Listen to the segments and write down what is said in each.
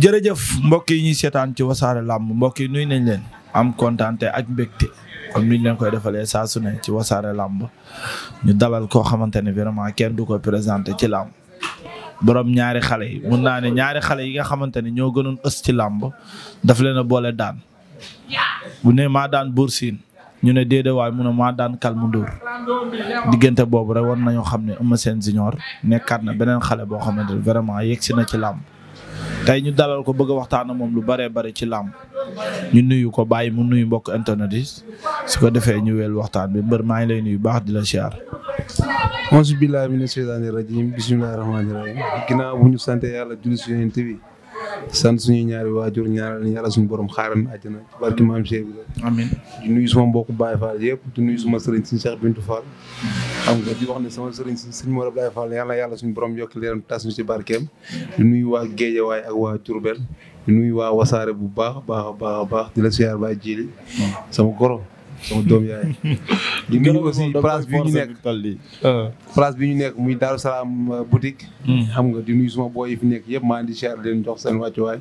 jërëjëf mbokk yi ñuy seetaan ci wasaare làmb mbokk yi nuyu nañ leen am kontaan ak mbégte comme ni ñu leen koy defalee saa su ci wasaare làmb ñu dalal koo xamante ne vraiment kenn du ko présenté ci làmb borom ñaari xale yi mun naa ne ñaari xale yi nga xamante ne ñoo gënoon ës ci làmb daf leen a boole daan bu ne maa daan Bour Sine ñu ne déedéet waaye mu ne maa daan Kalmu diggante boobu rek war nañoo xam ne seen Sène Junior nekkaat na beneen xale boo xamante ne vraiment yegg si na ci làmb tey ñu dalal ko bëgg waxtaan ak moom lu baree bari ci làmb ñu nuyu ko bàyyi mu nuyu mbokk internet yi su ko defee ñu wel waxtaan bi mbër maa ngi lay nuyu baax di la siyaar auzu billaahi mina sheytaani rajiim bismillaahi rahmaani rahiim ginnaaw bu ñu sante yàlla julli si yonent bi sant suñu ñaari waajur ñaanal yàlla suñu borom xaaran àjjana ci barki maam Cheikh Ibrahima amiin nuyu suma mbokku baay Fall yëpp di nuyu suma sëriñ suñu Cheikh Bintou Fall xam nga di wax ne sama sëriñ si sëñ Mor Abdoulaye Fall yàlla yàlla suñ borom yokk leeram tas ñu ci barkeem di nuyu waa waay ak waa Diourbel di nuyu waa wasaare bu baax baax a baax a baax di la siyaar baa Jili hmm. sama goro sama doom di nuyu aussi place bi ñu nekk ah. place bi ñu nekk muy Darou Salaam euh, boutique. Hmm. xam nga di nuyu suma booy yi fi nekk yëpp maa ngi di cher leen jox seen wàccuwaay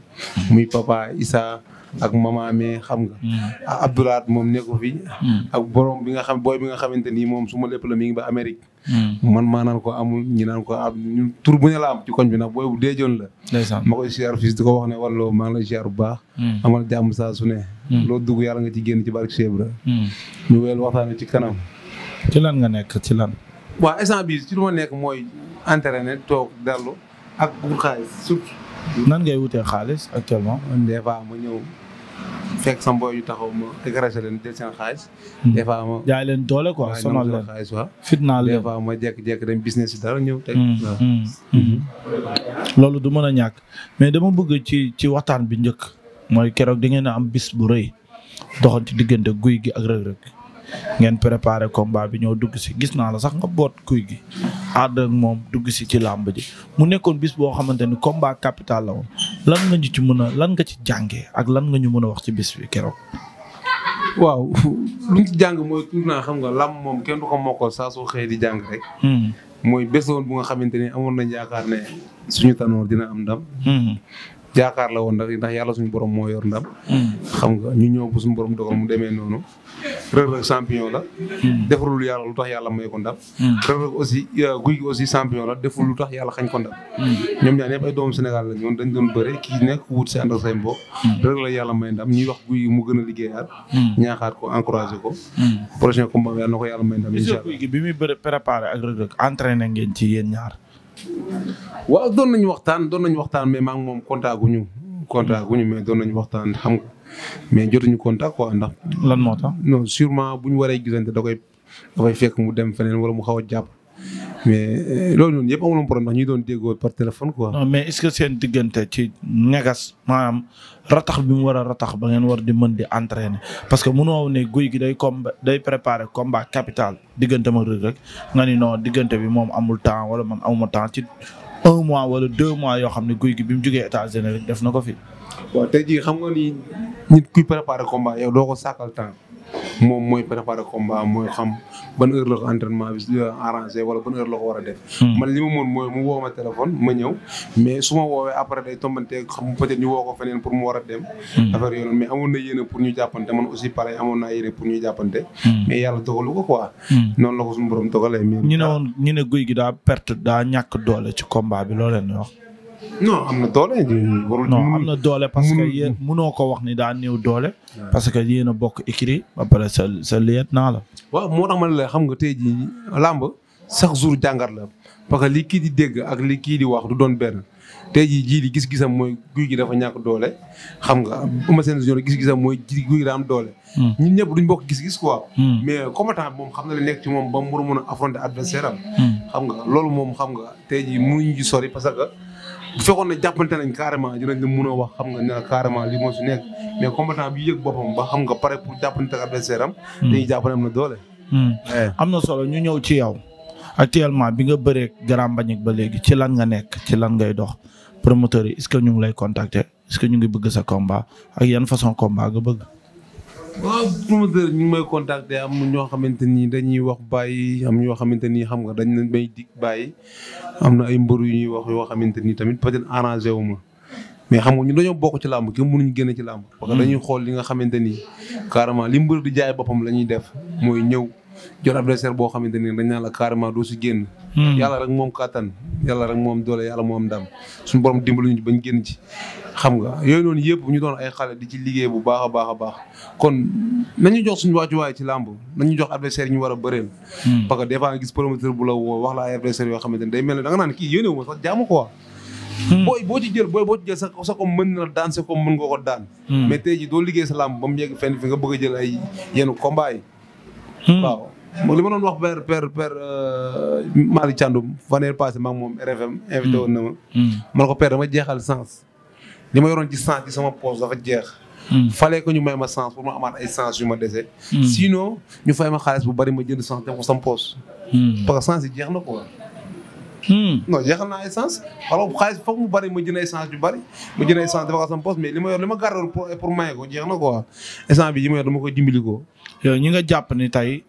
muy papa Issa ak mama me xam nga. Hmm. ah moom nekku fi. Hmm. ak borom bi nga xam booy bi nga xamante nii moom su ma lépp la mi ngi ba Amérique. Mm. man maa ko amul ñi naan ko am ñun tur bu ñu la am ci koñ bi nag booy bu deejoon la. ndeysaan ma koy siyaar fii di ko wax ne walloo maana ngi lay siyaar bu baax. Mm. amal jàmm saa su ne. Mm. loo dugg yàlla nga ci génn ci barke Cheikh Ibra. ñu weel waxtaanee ci kanam. ci lan nga nekk ci lan. waaw instant bi ci lu ma nekk mooy ne toog dellu ak wut xaalis surtout. nan ngay wutee xaalis actuellement. des fois ma ñëw. fekk sama booy yu taxaw ma décroché leen jël seen xaalis. Hmm. des jaay leen doole quoi sonal leen xaalis waaw. fitnaal leen des fois ma jékki-jékki dem business yi dara ñëw hmm, hmm, loolu du mën a ñàkk mais dama bëgg ci ci waxtaan bi njëkk mooy keroog da ngeen a am bis bu rëy ci diggante guy gi ak rëg ngeen préparé combat bi ñoo dugg si gis naa la sax nga boot kuy gi ànd moom dugg si ci làmb ji mu nekkoon bis boo xamante ni combat capital la woon lan nga ñu ci mën a lan nga ci jàngee ak lan nga ñu mën a wax ci bis bi keroog. waaw luñ ci jàng mooy tuuti xam nga làmb moom kenn du ko mokkal saa soo xëyee di jàng rek. Hmm. mooy bés woon bu nga xamante ni amoon nañ yaakaar ne suñu tanoor dina am ndam. Hmm. jaakaar la woon ndax ndax yàlla suñu borom moo yor ndam. xam nga ñu ñëw bu suñu borom dogal mu demee noonu. Reug Reug champion la. deful lu yàlla lu tax yàlla may ko ndam. Reug Reug aussi euh, guy gi aussi champion la deful lu tax yàlla xañ ko ndam. ñoom ñaar ñëpp ay doomu Sénégal la ñoon dañ doon bëre kii nekk wut se ànd ak say mbokk. Reug Reug la yàlla may ndam ñuy wax guy mu gën a liggéeyaat. ñaaxaat ko encouragé ko. prochain combat yàlla na ko yàlla may ndam incha allah. guy gi bi muy bëre préparé ak Reug Reug entraîné ngeen ci yéen ñaar waaw doon nañu waxtaan doon nañu waxtaan mais maa ngi moom contact gu ñu contact gu ñu mais doon nañu waxtaan xam nga mais jotuñu contact quoi ndax. lan moo tax non sûrement bu ñu waree gisante da koy da koy fekk mu dem feneen wala mu xaw a jàpp. mais euh, loolu noonu yëpp amuloon problème ndax ñu doon déggoo par téléphone quoi. non mais est-ce que seen diggante ci ñagas maanaam ratax bi mu war a ratax ba ngeen war di mën di entraîner parce que munoo ne guy gi day combat day préparer combat capital diggante ma Reug Reug nga ni non diggante bi moom amul temps wala man amuma temps ci un mois wala deux mois yoo xam ne guy gi bi mu jógee États-Unis rek def na ko fi. waaw tey xam nga ni nit kuy préparer combat yow doo ko sàkkal temps. moom mooy préparer combat mooy xam ban heure la ko entraînement bi euh, arrangé wala ban heure la ko war a def. Hmm. man li ma mën mooy mu woo ma téléphone ma ñëw mais su ma woowee après day tombanteeg xam peut-être ñu woo ko feneen pour mu war a dem. Hmm. affaire yoon mais amoon na yéene pour ñu jàppante man aussi pareil amoon naa yéene pour ñu jàppante. Hmm. mais yàlla dogalu ko quoi. noonu la ko suñu borom dogalee. ñu ne woon ñu guy gi daa perte daa ñàkk doole ci combat bi loo leen wax. non am na doole. warul non am na doole parce que yéen mënoo ko wax ni daa néew doole. parce que yéen a bokk écrit ba pare sa sa naa la. waaw moo tax ma ne la xam nga tey jii làmb chaque jour jàngat la parce que li kii di dégg ak li kii di wax du doon benn tey jii jii di gis-gisam mooy guy gi dafa ñàkk doole xam nga ama seen zone gis-gisam mooy ji guy gi doole. Hmm. ñun ñëpp duñ bokk gis-gis quoi. Hmm. mais combattant moom xam na li nekk ci moom ba mu a affronter adversaire am. Hmm. xam nga loolu moom xam nga tey jii mënuñu ci sori parce que. bu fekkoon ne jàppante nañ carrément dinañ la mën a wax xam nga ne carrément li moo si nekk mais combattant bi yëg boppam ba xam nga pare pour jàppante ak adversaire am. Hmm. dañuy jàpp ne am na doole. Hmm. am na solo ñu ñëw ci yow actuellement bi nga bëree Grand Mbagnick ba léegi ci lan nga nekk ci lan ngay dox promoteur yi est-ce que ñu ngi lay contacter est que ñu ngi bëgg sa combat ak yan façon a nga bëgg. waaw promoteur ñu ngi may contacter am ñoo xamante nii dañuy wax bàyyi am ñoo xamante ni xam nga dañ leen may dig bàyyi am na ay mbër yu ñuy wax yoo xamante ni tamit peut-être arrangé wu ma mais xam nga ñu dañoo bokk ci làmb ki mënuñ génn ci làmb. parce que dañuy hmm. xool li nga xamante ni carrément li mbër di jaay boppam la ñuy def mooy ñëw jot adversaire boo xamante ni dañ naan la carrément doo si génn. Hmm. yàlla rek moom kàttan yàlla rek moom doole yàlla moom ndam suñu borom ñu bañ génn ci. xam nga yooyu noonu yëpp ñu doon ay xale di ci liggéey bu baax a baax a baax kon nañu jox suñu waay ci làmb nañu jox adversaire yi ñu war a bëreel. Hmm. parce que des fois nga gis promoteur bu la woo wax la ay adversaire yoo xamante ne day mel ne da nga naan kii yéene wu ma sax jaamu quoi. Hmm. boo boo ci jël sa sa ko mën na daan sa ko mën nga ko hmm. doo liggéey sa làmb ba mu yegg fenn fi nga bëgg a jël ay yenn combat yi. waaw li ma doon wax per per per euh, Malick Thiandoum fan yii passé ma ak moom RFM invité woon na ma. ko per dama jeexal sens li ma yoroon ci sens ci sama poche dafa jeex. Hmm. falee ko ñu may ma sens pour ma amaat ay sens yu ma dese. Hmm. sinon ñu fay ma xaalis bu bari ma jënd sens def ko sama hmm. jeex na quoi. non naa ay sens xaalis foog mu bari ma jënd ay sens yu bari ma jënd ay sens dafa ko li ma yor li ma gàddoon pour pour maye ko jeex na quoi essence bi li ma yor dama koy dimbali ko. ñi nga jàpp ni tey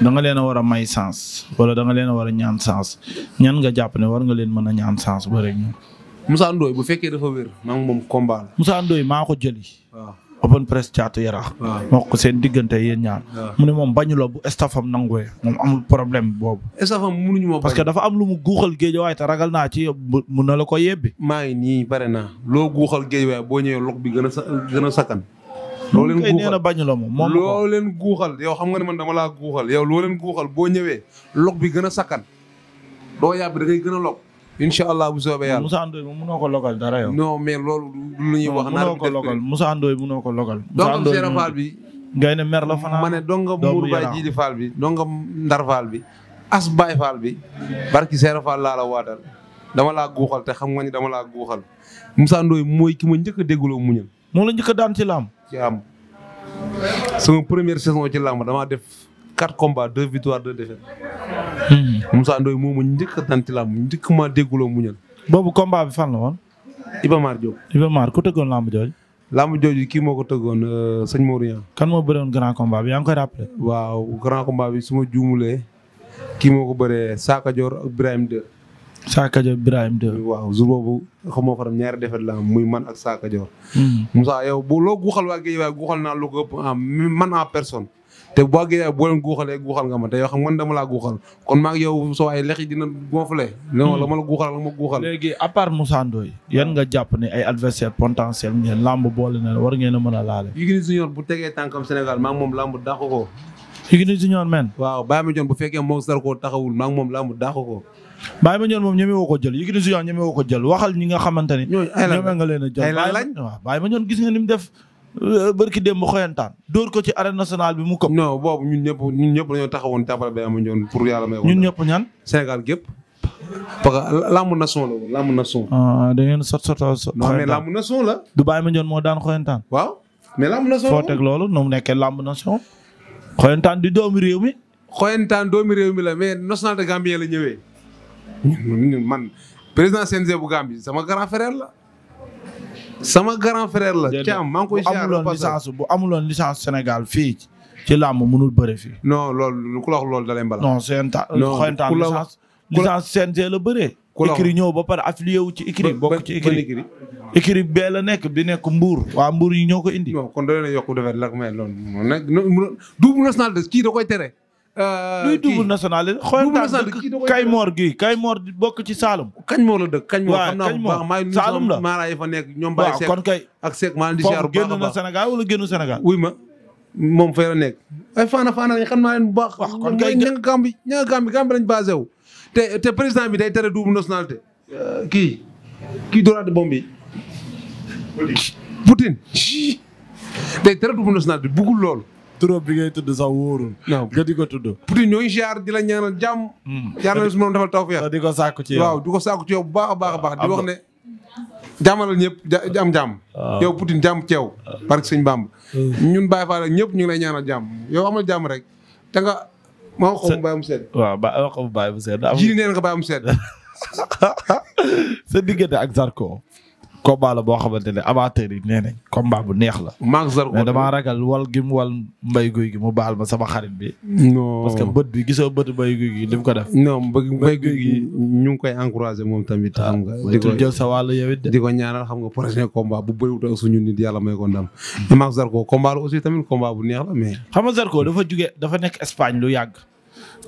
da leen a war a may sens wala da leen a war a ñaan sens ñan nga jàpp ne war nga leen mën a ñaan sens ba rek. Moussa Ndoye bu fekkee dafa wér maa ngi moom combat la. Moussa Ndoye maa ko jëli. waaw open press caatu yaraax. waaw wax ko seen diggante yéen ñaar. mu ne moom bañu la bu staffam nanguwee moom que dafa am lu mu guuxal géej waaye te ragal naa ci mun na la ko yebbi. maa ngi nii pare naa loo guuxal géej waaye boo ñëwee lox bi gën a sa gën a sakkan. loo leen guuxal nee na bañu la moom loo leen guuxal yow xam nga ne man dama laa guuxal yow loo leen guuxal boo ñëwee lox bi gën a sakkan doo yàbbi incha allah bu soobee yàlla Moussa Ndoye moom ko logal dara yow. non mais loolu lu ñuy wax. naan ko logal Moussa ko logal. Moussa Ndoye donc Fall bi. ngay ne la fanaan ma ne donga Mbour Baye Jili Fall bi donga Ndar Fall bi as Baye Fall bi barki Seera Fall laa la waatal dama laa guuxal te xam nga ni dama laa guuxal Moussa Ndoye mooy ki ma njëkk a dégguloo muñal. moo la njëkk daan ci laam. ci am sama première saison ci dama def. quatre combats deux victoires deux défaites. Hmm. Moussa Ndoye mu njëkk a tànn ci làmb njëkk maa dégguloo muñal. boobu combat bi fan la woon. Iba Mar Diop. Iba Mar ku tëggoon làmb jooju. làmb jooju kii moo ko tëggoon euh, sëñ Morian. kan moo bëreewoon grand combat bi yaa ngi koy rappelé. grand combat bi su ma juumulee kii moo ko bëree Saka Dior ak Ibrahima 2. Saka Dior Ibrahima 2. waaw jour boobu xam moo faram ñaari defet la muy man ak Saka Dior. Hmm. Moussa yow bu loo guuxal waa Guèye waaye guuxal naa lu man en personne. te boo gisee boo leen guuxalee guuxal nga ma te yoo xam man dama laa guuxal kon maa ngi yow soo ay lex yi dina gonflé. non hmm. ma la guuxal la ma guuxal. léegi part Moussa Ndoye yan nga jàpp ne adversaire potentiel ngeen làmb war ngeen a mën a laale. Yékini Junior bu tegee tànkam Sénégal maa moom làmb dàq ko. Yékini Junior men. waaw Baye Mandione bu fekkee moom Zarko taxawul maa ngi moom làmb dàq ko. Baye Mandione moom ñeme woo ko jël Yékini Junior ñeme woo ko nga xamante ni. ñooñu ay lan ñeme gis nga ni dem euh, démb xoyantaan door ko ci arène nationale bi mu ko. non boobu ñun ñëpp ñun ñëpp dañoo taxawoon jàppale bay ama ñoon pour Sénégal gépp parce que lamb nation la woon lamb nation. Ah, da ngeen sot sot sot. non mais lamb nation la. du bàyyi ma ñoon moo daan xoyantaan. waaw mais lamb nation foo teg loolu nu mu nekkee lamb nation. xoyantaan di doomi réew mi. xoyantaan doomi réew mi la mais national de Gambie la ñëwee. man président CNG bu Gambie sama grand frère la. sama grand frère la. Thiam maa ngi koy ziar bu amuloon licence bu amuloon licence Sénégal fii ci làmb mënul bëre fii. non loolu ku la wax loolu da lay mbala. non euh, Xoyantaan Xoyantaan licence licence CNG la bëree. ku ñëw ba pare affilié wu ci Ikri. bokk ci Ikri Ikri bee la nekk bi nekk Mbour. waa Mbour yi ñoo ko indi. non kon da leen a yokk defar lakk may loolu. moom kii da koy tere. Euh, luy double nationalité xoyantaan dëkk Kaymoor gi Kaymoor bokk ci Saalum. Kaymoor la dëkk Kaymoor xam naa bu Saalum la maara yi fa nekk ñoom Baye kon kay ak Seck maa ngi di siyaar bu baax a baax génn wala génnu Sénégal wuy ma moom fay la nekk ay faana faana lañ xam naa baax kon kay ña nga Gàmbi ña nga lañ basé te te bi day tere double nationalité euh, kii kii dooraate bomb yi Poutine day tere double nationalité bugul loolu trop bi ngay tudd sax wóorul. nga di ko tudd. Pouty ñooy ziar di la ñaanal jàmm. Hmm. yàlla na su moom defal tawfeex. di ko sàkku ci yow waaw di ko sàkku ci yow bu baax a baax a baax. di wax ne jàmmalal ñëpp ja am jàmm. Ah. yow Pouty jàmm ci yow. Ah. barke sëñ Bàmb. Hmm. ñun Baye Fall ñëpp ñu ngi lay ñaanal jàmm yow amal jàmm rek te nga. ma wax ko mu bàyyi mu sedd. waaw ba wax mu bàyyi mu sedd. ji nee ak Zarko. combat la boo xamante ne amateurs yi nee nañ combat bu neex la. maag damaa ragal wal gi mu wal mbay guy gi mu baal ma sama xarit bi. non parce que gisoo bët mbay guy gi li mu ko def. non mbay guy gi ñu ngi koy encouragé moom tamit. Ah, xam nga di ko jël sa wàll yow it de. di ko ñaanal xam nga prochain combat bu bëriwut ak suñu nit yàlla may ko ndam. maag Zarko aussi tamit combat bu neex la mais. xam nga Zarko dafa jugee dafa nekk Espagne lu yàgg.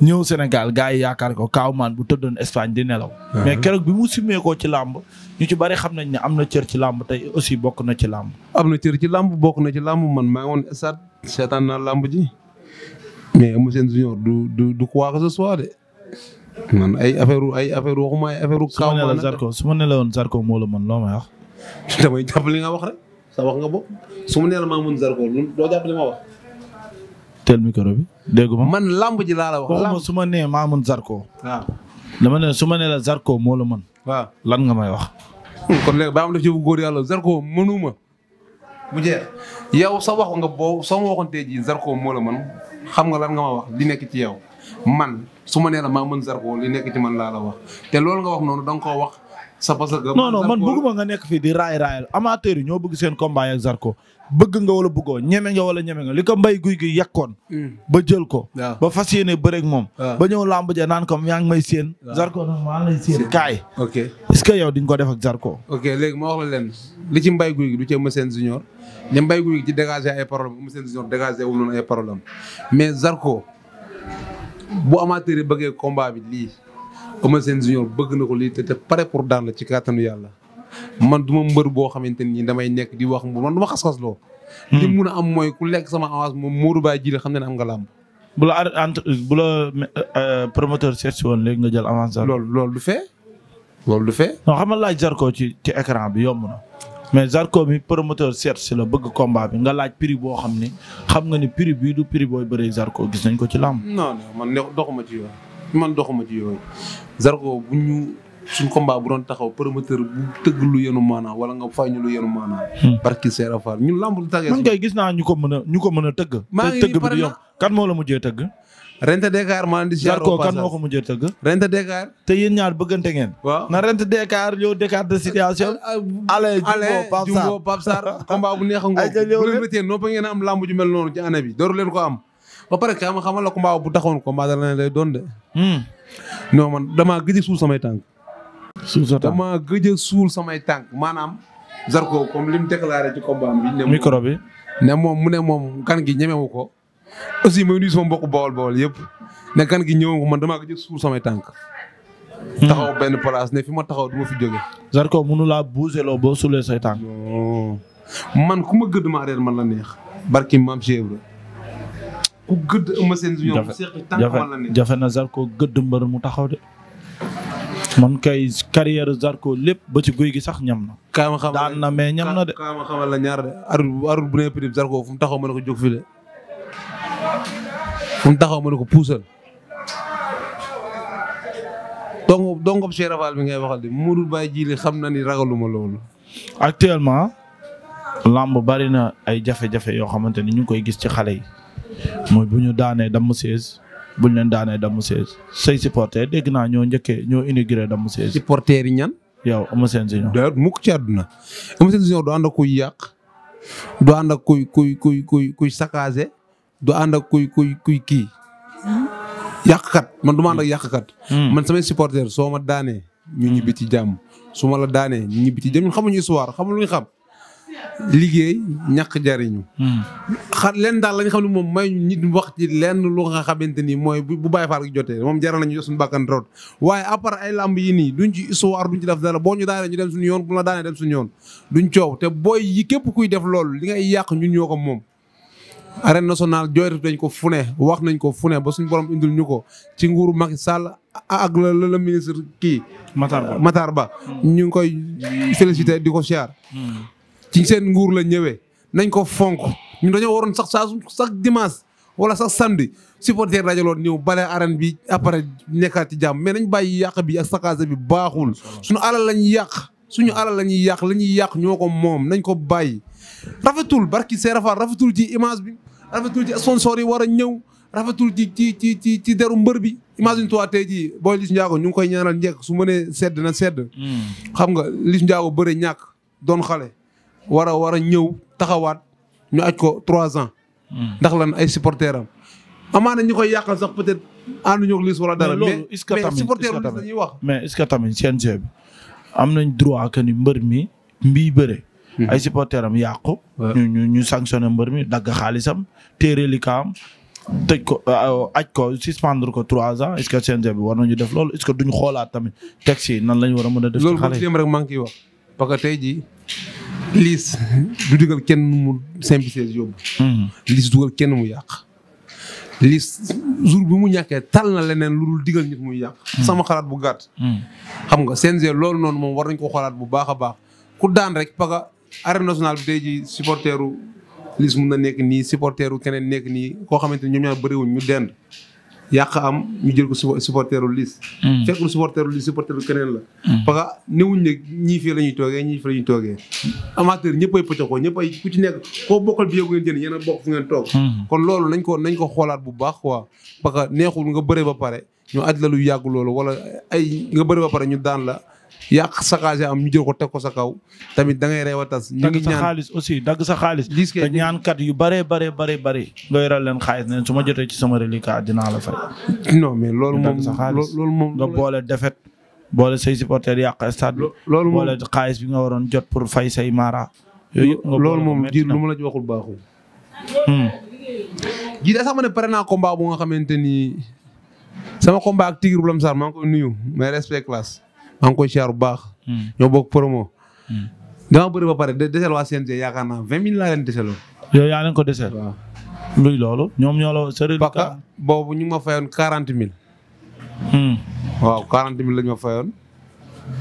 ñëw Sénégal gars yi yaakaar ko Kaawmaan bu tëddoon Espagne di nelaw. Ah. mais keroog bi mu simmeekoo ci làmb ñu ci bari xam nañ ne am na cër ci làmb tey aussi bokk na ci làmb. am na cër ci làmb bokk na ci làmb man maa ngi woon stade seetaan naa làmb ji mais Eumeu Sène junior du du du quoi que ce soit de man ay affaire ay affaire waxuma ay affaire. Kaawmaan Zarko su ma ne la woon Zarko moo la mën loo may damay jàpp li wax rek sa wax nga bopp su ma nee la maa Zarko doo jàpp li wax. teel micro bi déggu ma. man lamb ji laa la wax. waxuma su ma nee Mamoun Zarko. waaw dama ne su ma nee la moo la mën. waaw lan nga may wax. kon léegi ba am def ci bu góor yàlla Zarko mënuma mu jeex yow sa wax nga boo soo ma waxoon tey moo la mën xam nga lan nga ma wax di nekk ci yow man su ma nee la maa mën Zarko li nekk ci man laa la wax te loolu nga wax noonu da koo wax. sa parce que non man bëgguma nga nekk fii di raay raayal amateur yi ñoo bëgg seen combat ak Zarko bëgg nga wala bëggoo ñeme nga wala ñeme nga li ko mbay guy gi yekkoon mm. ba jël ko ba fas yéene bëreeg moom ba ñëw làmb ja naan ko yaa ngi may séen Zarko nag maa lay séen kaay ok est-ce yow di ko def ak Zarko ok léegi ma wax la leen li ci mbay guy gi du ma Eumeu Junior ña mbay guy gi ci dégagé ay problème Eumeu Junior dégagé wu noonu ay problème mais Zarko bu amateur yi bëggee combat bi lii Eumeu Junior bëgg na ko lii te te pare pour daan la ci kàttanu yàlla man du mbër boo xamante ni damay nekk di wax man du ma xas-xas loo. Hmm. li mun a am mooy ku lekk sama avance moom Modou Baye ji la xam ne am nga làmb. bu la entre bu la euh, promoteur seetsi woon nga jël avance. loolu loolu du fee. loolu du fee. non xam nga laaj Zarko ci ci bi yomb na. mais Zarko mi promoteur seetsi la bëgg combat bi nga laaj piri boo xam ni xam nga ni prix bii du prix booy bëree Zarko gis nañ ko ci làmb. non non man doxuma ci yooyu man doxuma ci yooyu Zarko bu ñu suñ combat bu doon taxaw promoteur bu tëgg lu yenu maanaa wala nga fay ñu lu yenu maanaa hmm. barki Seera Fall ñun lamb lu tàggee man kay ñu ko mën a ñu a tëgg tëgg bi di moo la mujjee tëgg rente Dakar maa di Zarko kan ko mujjee tëgg rente Dakar ah, ah, ale jumbo Pape Sarr bu neex am lamb ju noonu ci dooru leen ko am ba pare xam xamal la combat bu taxawoon combat da la lay doon de hmm. non man damaa suuf samay tànk suul sa tànk gëj suul samay tànk maanaam. Zarko comme li mu déclaré ci combat bi ne micro bi ne moom mu ne moom kan gi ñemewu ko. aussi may nuyu sama mbokku bawol bawol yëpp ne kan gi ñëw man dama gëj a suul samay tànk. Hmm. taxaw benn place ne fi ma taxaw du ma fi jóge. Zarko mënu laa bouger loo boo suulee say tànk. man ku ma gëdd maa reer man la neex. barki maam Cheikh ku gëdd ma seen. jafe jafe jafe na Zarko gëdd mbër mu taxaw de. man kay carrière Zarko lépp ba ci guy gi sax ñam na. kaama xamal daan na mais ñam na de. kaama xamal la ñaar bu ne périm Zarko fu mu taxaw ma ko jóg fii de fu mu taxaw ma ko puusal. donc donc Cheikh Rafal bi ngay waxal di Mourou baay Djili xam na ni ragaluma loolu. actuellement. lamb bari na ay jafe-jafe yoo xamante ni ñu ngi koy gis ci xale yi mooy bu ñu daanee damm sees buñ leen daanee damm sees say supporter dégg naa ñoo njëkkee ñoo inauguré damm sees. supporter yi ñan. yow Eumeu Sène Junior. d'ailleurs mukk ci àdduna Eumeu Sène du ànd kuy yàq du ànd ak kuy kuy kuy kuy kuy saccagé du ànd kuy kuy kuy kii. yàqkat man du ma ànd ak yàqkat. Hmm. man samay supporter soo ma daanee. ñu ñibbi ci jàmm su la daanee ñu ñibbi ci jàmm ñun xamuñu histoire xamuñu lu ñu xam. liggéey ñàkk jariñu hmm. xar leen daal la xam ne moom may nit wax ci lenn lu nga xamante ni mooy bu bàyyi faal gi jotee moom jaral nañu suñ bàkkan root waaye à part ay làmb yi nii duñ ci histoire duñ ci def dara boo ñu daanee ñu dem suñu yoon bu la daanee dem suñu yoon duñ coow te booy yi képp kuy def loolu li ngay yàq ñun ñoo ko moom arène nationale jooytu dañ ko fu ne wax nañ ko fu ne ba suñ borom indil ñu ko ci nguuru Macky Sall ak la la ministre kii Matar Ba Ba hmm. ñu ngi koy félicité di ko ci seen nguur la ñëwee nañ ko fonk ñu dañoo waroon sax saa sax dimanche wala sax samedi supporter dajaloon ñëw bale arène bi après nekkaat ci jàmm mais nañ bàyyi yàq bi ak saxaase bi baaxul suñu alal lañ yàq suñu alal la ñuy yàq la ñuy yàq ñoo ko moom nañ ko bàyyi rafetul barki see rafet rafetul ci image bi rafetul ci sponsor yi war a ñëw rafetul ci ci ci ci ci deru mbër bi imagine toi tey jii booy Liss ñu ngi koy ñaanal njëkk su mënee sedd na sedd hmm. xam nga Liss Ndiago bëre ñàkk doon xale war a war a ñëw taxawaat ñu aj ko trois ans. Hmm. ndax lan ay supporters am. amaana ñu koy yàqal sax peut-être ànduñu ak liis wala dara. mais est-ce que tamit dañuy wax. mais est-ce que tamit CNG bi am nañ droit que ni mbër mi mbii bëre. Hmm. ay supporters am yàqu. ñu ñu ñu mbër mi dagg xaalisam téere li kaam tëj ko euh, euh, aj ko suspendre ko trois ans est-ce que CNG bi war nañu def loolu est-ce que duñ xoolaat tamit texte nan lañ war a mën a def. ci xale yi rek maa ngi koy wax parce liis du dugal kenn mu simplifier yóbbu. Mhm. liis dugal kenn mu yàq. liis jour bi mu ñàkkee tal na leneen lu dul digal nit mu yàq. Mhm. sama xalaat bu gàtt. Mhm. xam nga CNG loolu noonu moom war nañ ko xoolaat bu baax a baax ku daan rek paga arène nationale bi tey jii supporteru liis mun na nekk nii supporteru keneen nekk nii koo xamante ni ñoom ñaar bëriwuñ ñu dend. yàq am ñu jël ko supporteru Liss hmm. fekkul supporteru Liss supporteru keneen la hmm. parce que newuñ ne ñii fii la ñuy toogee ñii fii la ñuy toogee amateur ñëpp ay pëccaxoo ñëpp ay ku ci nekk koo bokkal bi bu ngeen jënd yéen a bokk fu ngeen toog hmm. kon loolu nañ ko nañ ko xoolaat bu baax quoi parce que neexul nga bëre ba pare ñu aj la lu yàgg loolu wala ay nga bëre ba pare ñu daan la yàq sa xaalis am ñu ko teg ko sa kaw tamit da ngay reew a tas. ñu ngi ñaan dagg sa xaalis aussi dagg sa xaalis. gis te ñaankat yu bëree bëree bare bëri. nga yoral leen xaalis neen su ma jotee ci sama reliquat dinaa la fay. non mais loolu moom loolu moom nga boole defet boole say supporter yàq stade loolu moom boole xaalis bi nga waroon jot pour fay say maara yooyu yëpp nga loolu moom ji lu ma la ci waxul baaxul. Hmm. sax ma ne pare naa combat bu nga xamante ni sama combat ak Tigre Blamsar maa ngi koy nuyu mais respect classe maa ngi koy siyaar bu baax. Hmm. ñoo bokk promo. Hmm. dama bëri ba pare desel waa CNG yaakaar naa vingt mille laa leen deseloon. yow yaa leen ko desel. waaw luy loolu ñoom ñoo la sori. paka boobu ñu ma fayoon quarante mille. Hmm. waaw quarante mille lañ ma fayoon.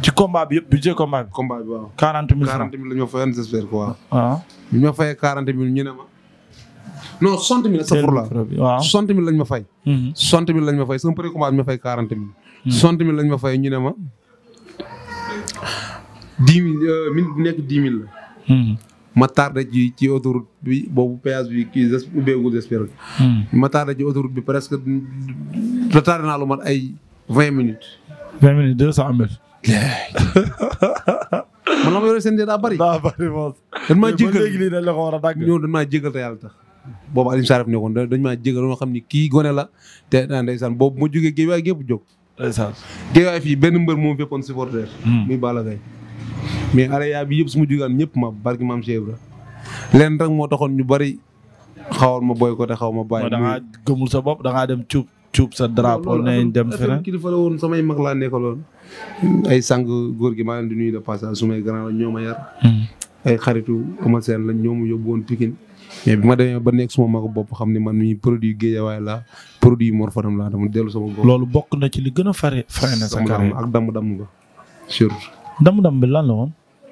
ci combat bi yëpp budget combat bi. combat bi waaw quarante mille. quarante mille lañ ma fayoon j'espère quoi. waaw ah. bi ñu ma fayee quarante mille ñu ne ma. non soixante mille safur la waaw soixante mille lañ ma fay. soixante mille lañ ma fay sama premier combat bi ma fay quarante mille. soixante mille lañ ma fay ñu ne ma. dix mille euh, minute bu nekk dix la. Hmm. ma tardé ci ci autoroute bi boobu péage bi kii des ubbeegul espère. Hmm. ma tardé ci autoroute bi presque retardé naa lu mat ay vingt minutes. vingt minutes deux cent mètres. man la ma yore seen daa bari. daa bari moom. dañ maa jégal la ko war a dàgg. ñoom dañ maa jégal te yàlla tax. boobu Alioune Sarr ne woon dañ maa jégal loo xam ni kii gone la te ndeysaan boobu ma jógee géej waay gépp jóg. ndeysaan géej waay fii benn mbër moom féppoon supporter. Hmm. muy Balla Gaye mais araya bi yëpp su ma jugaan ñëpp ma barki maam Cheikh Ibra leen rek moo taxoon ñu bari xawal ma ko te xaw ma bàyyi. da ngaa gëmul sa bopp da ngaa dem cuub cuub sa drapeau. nañ dem feneen kilifa la woon samay mag laa nekkaloon. ay sang góor gi maa leen di nuyu de passage sumay grand la ñoo ma yar. Hmm. ay xaritu Eumeu lañ ñoo ma yóbbu woon Pikine mais ma demee ba nekk suma mag bopp xam ne man mii produit Guédiawaye laa produit Mor Fadam laa dama dellu sama bopp. loolu bokk na ci li gën a fare. fare na ak damm damm ba surtout. damm bi la woon.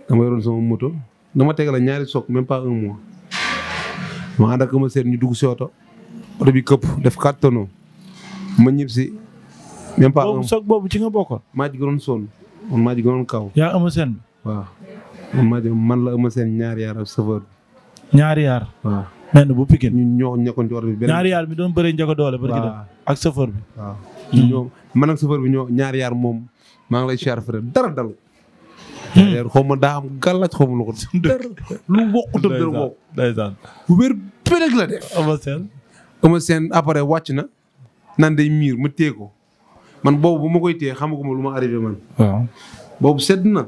dama yoroon sama moto dama tegale ñaari soog même pas ma ànd ak ma seet ñu dugg si oto oto bi këpp def quatre tonneaux ma ñib si. même pas boobu ci nga bokk. maa ji gënoon sonn man maa ji kaw. yaa am seen. waaw man man la am seen ñaari yaar ak chauffeur ñaari yaar. waaw benn bu Pikine. ñun ñoo nekkoon ci bi. ñaari yaar bi doon bëree njëkk a doole. waaw ak chauffeur bi. waaw ñoo man ñaari yaar moom maa ngi lay siyaar frère dara dal carrière xaw ma daa am gàllaaj xaw ma lu ko lu wokk dëgg la boobu. ndeysaan wér la def. ama seen. ama seen wàcc na naan day miir ma téye ko man boobu bu ma koy téye ma lu ma arrivé man. waaw boobu sedd na.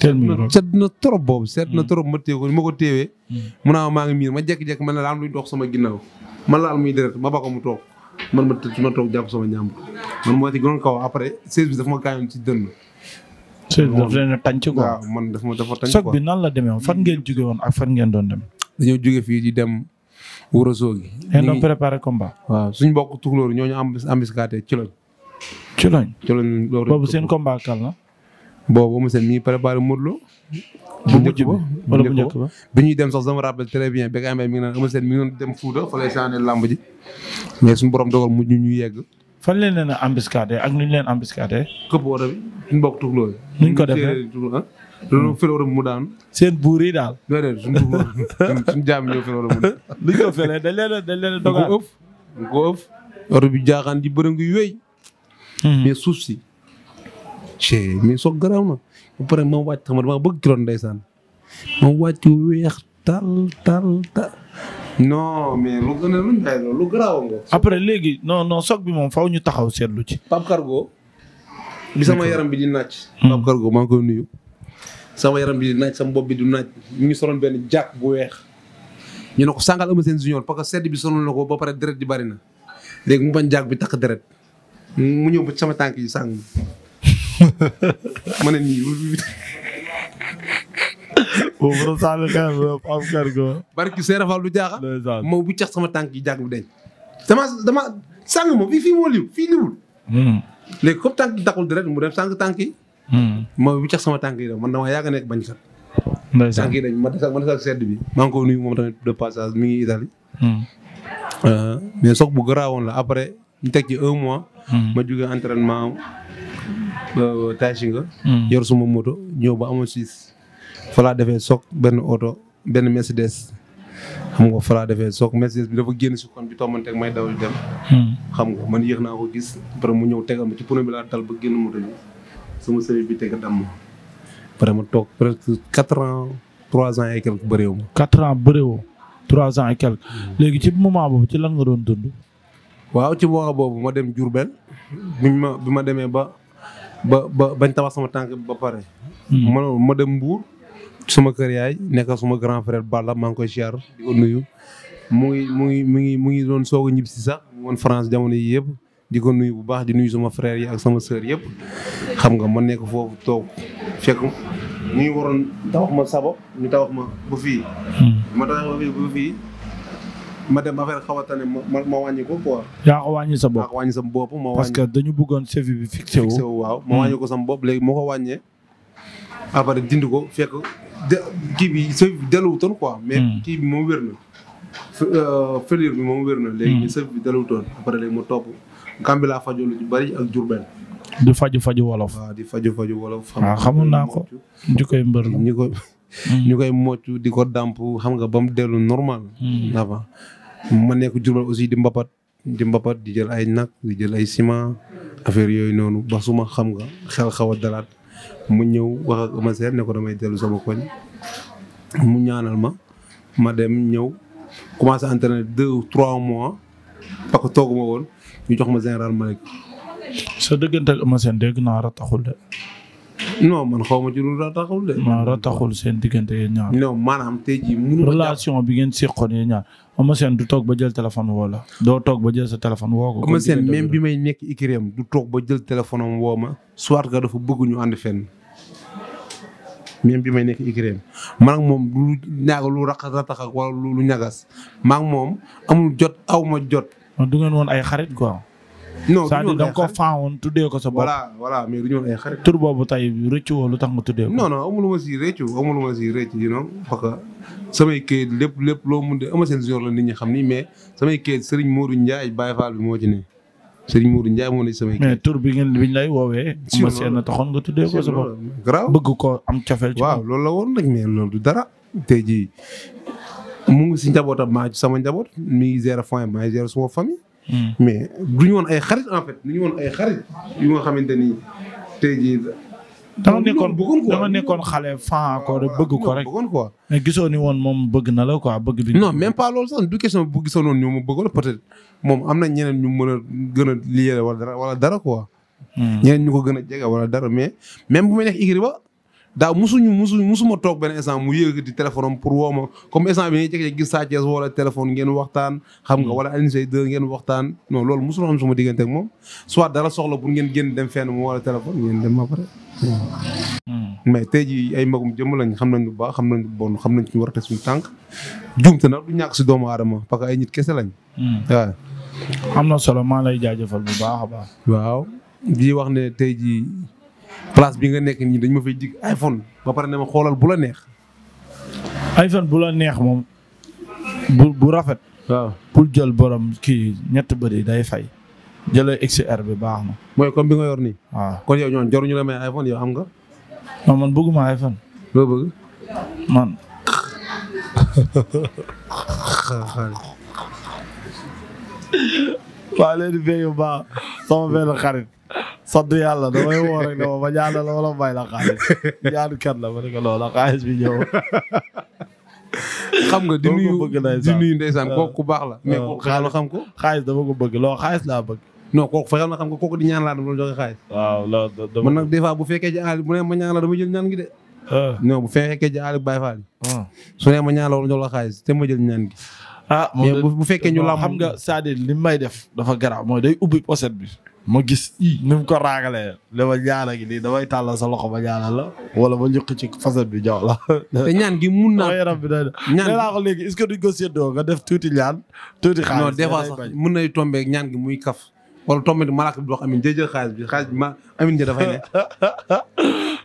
teel sedd na trop boobu sedd na mm. trop ma téye ko ma ko téewee. mu naa maa ngi miir ma jékki-jékki ma ne la am luy dox sama ginnaaw ma laal muy deret ma ba ko mu toog. man ma tëj ma toog jàpp sama ñaam man moo ci gënoon kaw après service daf ma gaañoon ci dënn. Seydou daf leen tànc quoi waaw bi nan la demee woon fan ngeen jóge woon ak fan ngeen doon dem. dañoo jóge fii di dem Wourossogui. ñu ngi leen doon préparé combat. waaw suñu mbokku tukulóor ñoo ñu am embuscade ci lañ. ci lañ boobu seen combat kal na. boobu mu seen mi préparé Modou Lo. bu mujj ba wala bu njëkk ba bi ñuy dem sax sama rappel très bien Bécaye Mbaye mi ngi naan Eumeu Sène mi ngi dem Fouta fa lay sànni làmb ji mais suñu borom dogal mujj ñu yegg. fan leen leen a embuscadé ak nu ñu leen embuscadé. këpp oto bi ñu bokk tugloo yi. nu ñu ko defee ah? loolu fële mu daan. seen buur yi daal. déedéet suñu suñu jaam ñëw fële a dañ leen a dogaat. ko ëf mu ko bi jaaxaan ji bëri ngi wéy. Hmm. mais suuf si. cee mais soog garaaw na. ba pare ma wàcc xam nga damaa ma wàcc weex tal tal tal. non mais lu gën a après léegi non non soog bi moom faw ñu taxaw lu ci. Pape Cargo. bi sama yaram bi di naaj. Hmm. Pape Cargo maa ngi koy nuyu. sama yaram bi di naaj sama bopp bi du naaj mu ngi soloon benn jàkk bu weex. ñu ne ko sàngal seen Sène junior parce que sedd bi sonal na ko ba pare deret di bari na léegi mu bañ jàkk bi takk deret mu ñëw ba sama tànk yi sàng ma ne nii. foofu sànni xeer am xeer ko. barki Seydou Fall du jaaxa. moom bu cax sama tànk yi jàng bu denc. dama dama sàng moom fii fii moo liw hmm. taxul direct mu dem sàng tànk yi. moom bu cax sama tànk yi de man yàgg nekk bañkat. ndeysaan tànk yi dañ ma des ma des sedd bi. maa ngi ko nuyu moom tamit de passage mi ngi Italie. Hmm. Euh, mais soog bu garaawoon la après ñu teg ci un mois. Hmm. ma jógee entraînement euh, Taïsinga. yor suma moto ñëw ba amoon siis fa defee soog benn oto benn Mercedes xam nga falaa defee soog Mercedes bi dafa génn si kon bi tombante ak may daw dem. Hmm. xam nga man yéex naa ko gis pare mu ñëw tegal ma ci pono bi la dal ba génn moto bi sama sëriñ bi teg a damm. pare ma toog presque quatre ans trois ans et quelque bëreewu ma. quatre ans bëreewoo trois ans et hmm. léegi ci moment boobu ci lan nga doon dund. waaw ci moment boobu ma dem Diourbel biñ ma bi ma demee ba ba ba bañ tabax sama tànk ba pare. Hmm. ma ma dem Mbour. suma kër yaay nekk suma grand frère Balla maa ngi koy ziar di ko nuyu mu ngi mu ngi mu ngi mu ngi doon soog ñibbisi sax mu woon France jamono yii yëpp di ko nuyu bu baax di nuyu suma frère yi ak sama sœur yëpp xam nga ma nekk foofu toog fekk ñu ngi waroon tabax ma sabo ñu tabax ma ba fii hmm. ma tabax ma ba fii ma dem affaire a tane ma ma wàññi ko quoi. yaa ko wàññi sa bopp yaa ko wàññi sa ma wàññi. parce que dañu bëggoon chef bi fixé wu. waaw ma wàññi hmm. ko sama bopp léegi moo ko wàññee après dindi ko fekk. kii bi sa delluwutoon quoi. mais hmm. kii bi moom wér na. fëlir euh, bi moom wér na. Hmm. léegi sëf bi delluwutoon après léegi mu topp. Gàmbi laa fajoo lu ci bëri ak Diourbel. di faju faju wolof. waaw di faju ah, ko. ñu mbër ñu koy. Hmm. di ko damp xam nga ba mu dellu normal. avant ma nekk Diourbel aussi di mbapat di mbapat di jël ay nag di jël ay ciment affaire yooyu noonu ba xam nga xel xaw dalaat. mu ñëw wax ak Eumeu Sène ne ko damay dellu sama koñ mu ñaanal ma ma dem ñëw commencé entraîner deux ou trois mois parce que tooguma woon ñu jox ma général Malick. sa dëggante ak Eumeu Sène dégg naa rataxul de. non man xaw ma ci lu rataxul de. waaw rataxul seen diggante yéen ñaar. non maanaam te jii. relation bi ngeen seqoon yéen ñaar Eumeu Sène du toog ba jël téléphone woo doo toog ba jël sa téléphone woo ko. Eumeu Sène même bi may nekk Ikirem du toog ba jël téléphone am woo ma. soit que dafa bëgg ñu ànd fenn même bi may nekk Ikirem man ak moom du ñaaga lu rax ratax ak lu ñagas maa moom amul jot aw ma jot. du ngeen woon ay xarit quoi. non c'est-à-dire tuddee ko sa bopp. voilà voilà mais tur boobu tey rëccu woo lu tax nga tuddee ko. non non amul ma si rëccu amul ma si rëccu you que samay kayit lépp lépp loo mun de ama seen jour la nit ñi xam ni mais samay kayit Serigne Modou Ndiaye Baye Fall bi moo ci ne. Serigne Modou Ndiaye moo ne samay kayit. tur bi ngeen biñ lay woowee. ma seen na taxoon nga tuddee ko sa bopp. bëgg ko am cofeel ci waaw loolu la woon nag mee loolu du dara tey jii mu ngi si njabootam maa ci sama njaboot mi ngi gérer famille maa ngi gérer suma famille Hmm. mais du ñu woon ay xarit en fait du ñu woon ay xarit yu nga xamante ni tey jii. dama nekkoon dama nekkoon xale fan ko bëgg ko rek bëggoon quoi. mais gisoo ni woon moom bëgg na la quoi bëgg bi. non même pas lool sax du question bu gisoon woon ñu ma bëggoon peut moom am na ñeneen ñu mën a gën a liyeele wala dara wala dara quoi. Hmm. ñeneen ñu ko gën a jege wala dara mais même bu may nekk igri ba daaw musuñu musu musuma toog benn instant mu yëkkati téléphone pour woo ma comme instant bi ngay jékki-jékki gis Sa Thiès wala téléphone ngeen waxtaan xam nga hmm. wala Alioune Seye 2 ngeen waxtaan non loolu musul xam suma diggante ak moom soit dara soxla pour ngeen génn dem fenn mu wala téléphone ngeen dem ba pare hmm. mais tey jii ay magum jëmm lañ xam nañ bu baax xam nañ bu bon xam nañ ci war a teg suñu tànk juumte nag du ñàkk si doomu aadama parce que ay nit kese lañ hmm. waaw am na solo maa lay jaajëfal bu baax a baax waaw di wax ne tey jii place bi nga nekk nii dañ ma fay dig iPhone ba pare ne ma xoolal bula la neex. iPhone bu neex moom bu rafet. waaw pour jël borom kii ñett bëri day fay. jëlee XR bi baax na. mooy comme bi nga yor nii. waaw kon yow ñoom joruñu la may iPhone yow am nga. non man bëgguma iPhone. loo bëgg. man. waa sant yàlla damay woo rek ne ma ma ñaanal wala may la xaalis ñaanu kat la ma ne ko loola xaalis bi ñëw. xam nga di nuyu di nuyu ndeysaan kooku ku baax la. mais kooku xaalis da ko. xaalis ko bëgg loo xaalis laa bëgg. non kooku fexeel na xam nga kooku di bu fekkee ci àll bu ne ma ñaan la dama jël ñaan gi de. Ah. non bu fekkee ci àll Baay ah. ma ñaan la wala jox la xaalis te ma ah, ñu la xam nga cest à li may def dafa garaaw mooy day ubbi poset bi ma gis ni mu ko raagalee li ma jaara gi nii damay tàllal sa loxo ba ñaanal la wala ba ñuq ci façon bi jox la. ñaan gi mun na yaram bi day ñaan léegi est que duñ ko séddoo nga def tuuti ñaan tuuti xaalis. non nay tombeek ñaan gi muy kaf. wala tombe malaaka bi dox amin day jël xaalis bi xaalis bi ma amin ja dafay ne.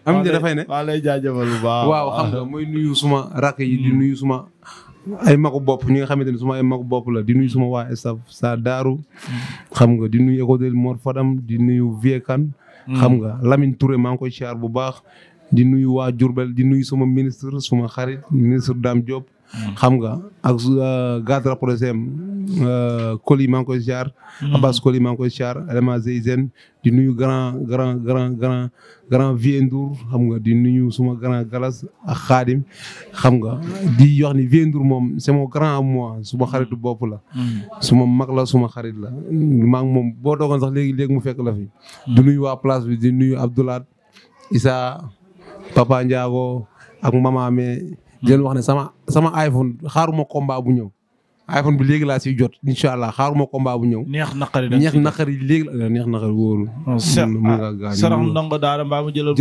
amin ja dafay ne. maa lay jaajëfal waaw xam nga mooy nuyu suma rakk yi di ay magu bopp ñi nga xamante ne suma ay magu bopp la di nuy suma waa staff sa daaru xam nga di nuyu école Mor Fadam di nuyu Vieux Kane xam nga lamin Touré maa ngi koy siyaar bu baax di nuyu waa Diourbel di nuyu suma ministre suma xarit ministre daam Diop Mm. xam nga ak euh, garde rapproché am Koli euh, maa ngi koy ziar. Mm. Abbas Koli maa ngi koy ziar Zeyzen di nuyu grand grand grand grand grand Vieux xam nga di nuyu suma grand Galas ak Xaadim xam nga di wax ni Vieux moom c'est mon grand à suma xaritu bopp la. Mm. suma mag la suma xarit la maa moom boo doogoon sax léegi léegi mu fekk la fi. di nuyu waa place bi di nuyu Abdoulaye Issa Papa Ndiago ak Mama Amé. di leen wax ne sama sama iPhone xaaruma combat bu ñëw. iPhone bi léegi laa siy jot incha allah xaaruma combat bu ñëw. neex naqari neex la neex naqari wóorul. Ah, sarax ndongo daara mbaa mu jëlal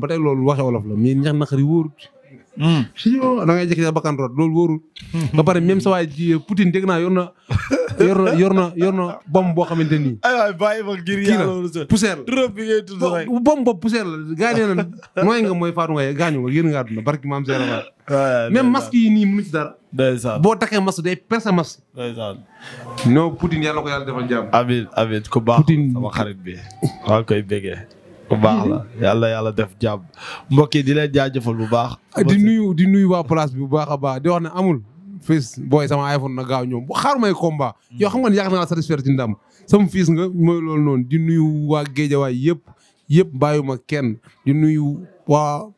ba tey loolu waxe wolof la mais neex naqari wóorul. si hmm. yow da ngay jékki hmm. ba pare même sa waay ji naa yor yor na yor na yor na boo xamante ni. aywa bàyyi ma ngir yàlla poussière la trop na nooy nga mooy faatu nga gaañu nga yéen nga àdduna barki maam Seydou Amar. même masque yi nii mënu dara. ndeysaan boo takkee mas de perse masque. ndeysaan. non Poutine yàlla ko yàlla defal jàmm. amiin amiin ku baax la yàlla yàlla def jàmm mbokk yi di leen jaajëfal bu baax. di nuyu di nuyu waa place bi bu baax a baax di wax ne amul. fils booy sama iPhone na gaaw ñoom bu xaar may combat. Mm. yoo xam nga ne yàq naa satisfaire ci ndam sama fils nga mooy loolu noon di nuyu waa Géejawaay yëpp yëpp bàyyuma kenn di nuyu waa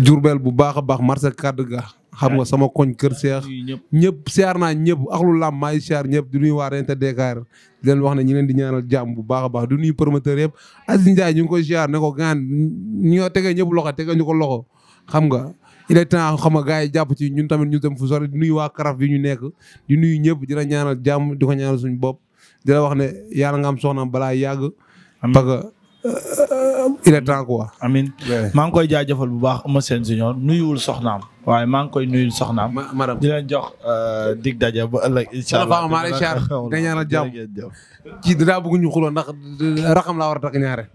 Jurbel bu baax a baax marché kàdd ga xam nga sama koñ kër seex ñëpp siyaar naa ñëpp ak lu làmb maay siyaar ñëpp du nuyu waa Rente Dakar di leen wax ne ñi leen di ñaanal jàmm bu baax a du nuyu promoteur yëpp Aziz ñu ngi koy siyaar ne ko gaan ñoo tegee ñëpp loxo tegee ñu ko loxo xam nga il est temps yi jàpp ci ñun tamit ñu dem fu sori di nuyu waa karaf bi ñu nekk di nuyu ñëpp dina ñaanal jàmm di ko ñaanal suñu bopp di la wax ne yàlla nga am soxnaam balaa yàgg. parce que maa ngi koy jaajëfal bu baax Eumeu Sène Junior nuyuwul soxnaam. waaye maa ngi koy nuyul soxnaam. madame di leen jox euh, dig daje ba ëllëg. incha allah maa lay siyaar bëgg ñu xuloo ndax raxam laa war a takk ñaare.